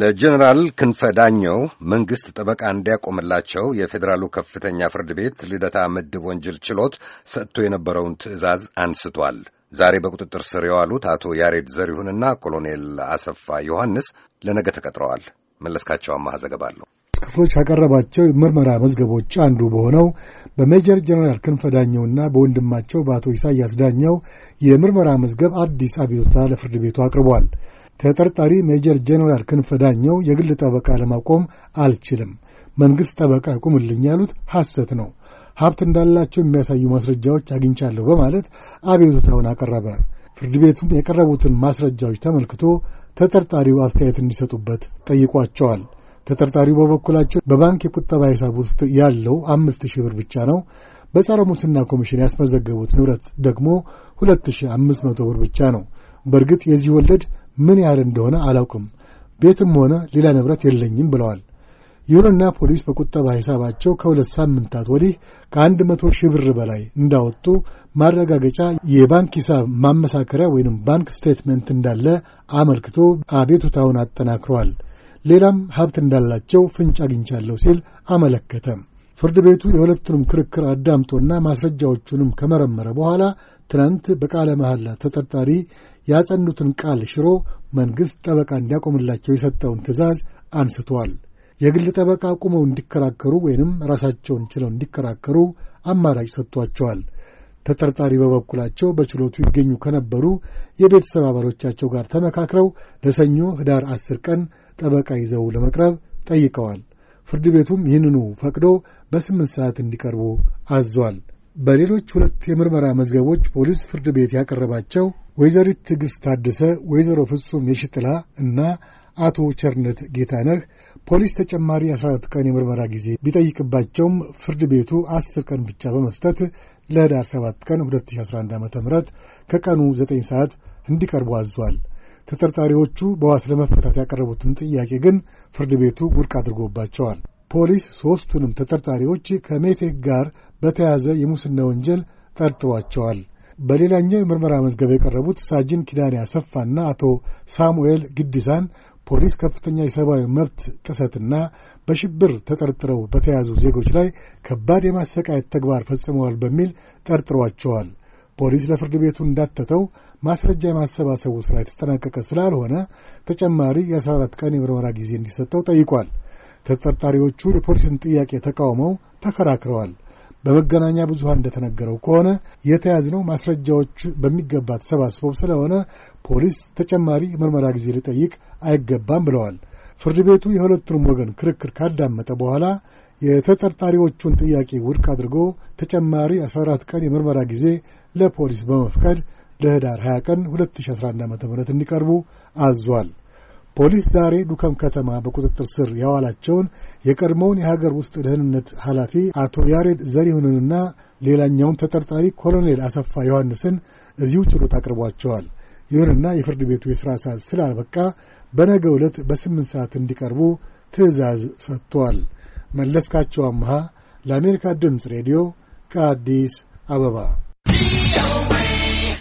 ለጀኔራል ክንፈ ዳኘው መንግሥት ጠበቃ እንዲያቆምላቸው የፌዴራሉ ከፍተኛ ፍርድ ቤት ልደታ ምድብ ወንጀል ችሎት ሰጥቶ የነበረውን ትዕዛዝ አንስቷል። ዛሬ በቁጥጥር ስር የዋሉት አቶ ያሬድ ዘሪሁንና ኮሎኔል አሰፋ ዮሐንስ ለነገ ተቀጥረዋል። መለስካቸው አማሃ ዘገባ ክፍሎች ካቀረባቸው የምርመራ መዝገቦች አንዱ በሆነው በሜጀር ጀነራል ክንፈ ዳኘውና በወንድማቸው በአቶ ኢሳያስ ዳኘው የምርመራ መዝገብ አዲስ አቤቱታ ለፍርድ ቤቱ አቅርቧል። ተጠርጣሪ ሜጀር ጀነራል ክንፈ ዳኘው የግል ጠበቃ ለማቆም አልችልም፣ መንግሥት ጠበቃ ቁምልኝ ያሉት ሐሰት ነው፣ ሀብት እንዳላቸው የሚያሳዩ ማስረጃዎች አግኝቻለሁ በማለት አቤቱታውን አቀረበ። ፍርድ ቤቱም የቀረቡትን ማስረጃዎች ተመልክቶ ተጠርጣሪው አስተያየት እንዲሰጡበት ጠይቋቸዋል። ተጠርጣሪው በበኩላቸው በባንክ የቁጠባ ሂሳብ ውስጥ ያለው አምስት ሺህ ብር ብቻ ነው። በጸረ ሙስና ኮሚሽን ያስመዘገቡት ንብረት ደግሞ ሁለት ሺህ አምስት መቶ ብር ብቻ ነው። በእርግጥ የዚህ ወለድ ምን ያህል እንደሆነ አላውቅም፣ ቤትም ሆነ ሌላ ንብረት የለኝም ብለዋል። ይሁንና ፖሊስ በቁጠባ ሂሳባቸው ከሁለት ሳምንታት ወዲህ ከአንድ መቶ ሺህ ብር በላይ እንዳወጡ ማረጋገጫ የባንክ ሂሳብ ማመሳከሪያ ወይም ባንክ ስቴትመንት እንዳለ አመልክቶ አቤቱታውን አጠናክሯል። ሌላም ሀብት እንዳላቸው ፍንጭ አግኝቻለሁ ሲል አመለከተ። ፍርድ ቤቱ የሁለቱንም ክርክር አዳምጦና ማስረጃዎቹንም ከመረመረ በኋላ ትናንት በቃለ መሐላ ተጠርጣሪ ያጸኑትን ቃል ሽሮ መንግሥት ጠበቃ እንዲያቆምላቸው የሰጠውን ትዕዛዝ አንስቷል። የግል ጠበቃ ቁመው እንዲከራከሩ ወይንም ራሳቸውን ችለው እንዲከራከሩ አማራጭ ሰጥቷቸዋል። ተጠርጣሪ በበኩላቸው በችሎቱ ይገኙ ከነበሩ የቤተሰብ አባሎቻቸው ጋር ተመካክረው ለሰኞ ህዳር አስር ቀን ጠበቃ ይዘው ለመቅረብ ጠይቀዋል። ፍርድ ቤቱም ይህንኑ ፈቅዶ በስምንት ሰዓት እንዲቀርቡ አዟል። በሌሎች ሁለት የምርመራ መዝገቦች ፖሊስ ፍርድ ቤት ያቀረባቸው ወይዘሪት ትዕግሥት ታደሰ፣ ወይዘሮ ፍጹም የሽጥላ እና አቶ ቸርነት ጌታነህ ፖሊስ ተጨማሪ 14 ቀን የምርመራ ጊዜ ቢጠይቅባቸውም ፍርድ ቤቱ 10 ቀን ብቻ በመስጠት ለህዳር 7 ቀን 2011 ዓ ም ከቀኑ 9 ሰዓት እንዲቀርቡ አዟል። ተጠርጣሪዎቹ በዋስ ለመፈታት ያቀረቡትን ጥያቄ ግን ፍርድ ቤቱ ውድቅ አድርጎባቸዋል። ፖሊስ ሦስቱንም ተጠርጣሪዎች ከሜቴክ ጋር በተያያዘ የሙስና ወንጀል ጠርጥሯቸዋል። በሌላኛው የምርመራ መዝገብ የቀረቡት ሳጅን ኪዳኔ አሰፋና አቶ ሳሙኤል ግዲሳን ፖሊስ ከፍተኛ የሰብአዊ መብት ጥሰትና በሽብር ተጠርጥረው በተያዙ ዜጎች ላይ ከባድ የማሰቃየት ተግባር ፈጽመዋል በሚል ጠርጥሯቸዋል። ፖሊስ ለፍርድ ቤቱ እንዳተተው ማስረጃ የማሰባሰቡ ሥራ የተጠናቀቀ ስላልሆነ ተጨማሪ የ14 ቀን የምርመራ ጊዜ እንዲሰጠው ጠይቋል። ተጠርጣሪዎቹ የፖሊስን ጥያቄ ተቃውመው ተከራክረዋል። በመገናኛ ብዙሃን እንደተነገረው ከሆነ የተያዝነው ማስረጃዎች በሚገባ ተሰባስበው ስለሆነ ፖሊስ ተጨማሪ ምርመራ ጊዜ ሊጠይቅ አይገባም ብለዋል። ፍርድ ቤቱ የሁለቱንም ወገን ክርክር ካዳመጠ በኋላ የተጠርጣሪዎቹን ጥያቄ ውድቅ አድርጎ ተጨማሪ 14 ቀን የምርመራ ጊዜ ለፖሊስ በመፍቀድ ለህዳር 20 ቀን 2011 ዓ ም እንዲቀርቡ አዟል። ፖሊስ ዛሬ ዱከም ከተማ በቁጥጥር ስር ያዋላቸውን የቀድሞውን የሀገር ውስጥ ደህንነት ኃላፊ አቶ ያሬድ ዘሪሁንንና ሌላኛውን ተጠርጣሪ ኮሎኔል አሰፋ ዮሐንስን እዚሁ ችሎት አቅርቧቸዋል። ይሁንና የፍርድ ቤቱ የሥራ ሰዓት ስላበቃ በነገ ዕለት በስምንት ሰዓት እንዲቀርቡ ትዕዛዝ ሰጥቷል። መለስካቸው አምሃ ለአሜሪካ ድምፅ ሬዲዮ ከአዲስ አበባ